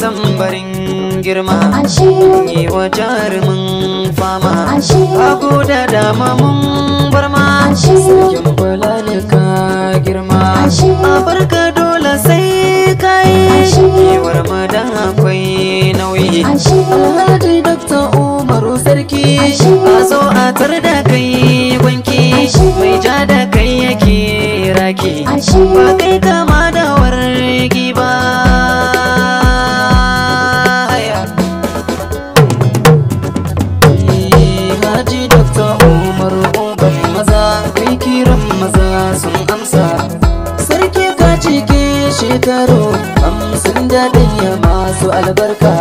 tambarin girma yi wa jarumin fama hagu da dama mun barma sakin ne ka girma a barka dole sai kayi yiwar madan akwai nauyi alhaji dr umaru sarki a zo a tar da kai wanki mai ja da kai yake raki ba kai kama da wargi ba sun amsa sarki ka cike shekaru amsun da ɗanya masu albarka